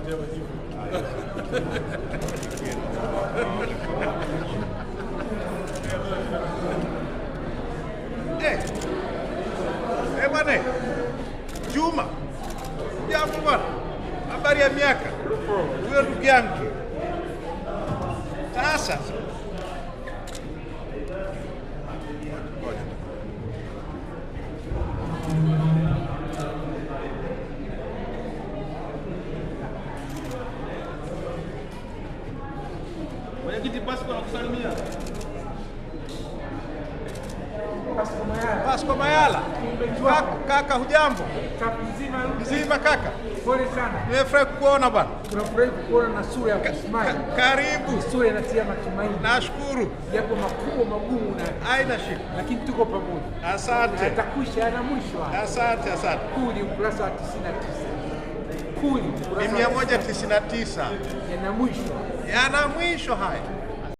dela horrível. Ei! Ei, mané! Juma! Diabo, mano! Habari ya miaka! Huyo ndugu yangu! Mwenyekiti Pasco anakusalimia. Pasco Mayala, kaka, hujambo? Mzima kaka, nimefurahi kukuona bwana. Tunafurahi kukuona na sura ya kusimama. Karibu. Sura inatia matumaini. Nashukuru. Japo makubwa magumu na haina shida, lakini tuko pamoja. Asante. Atakwisha, ana mwisho. Asante, asante. Huu ni ukurasa wa 99 ni 199 yana mwisho, yana mwisho haya.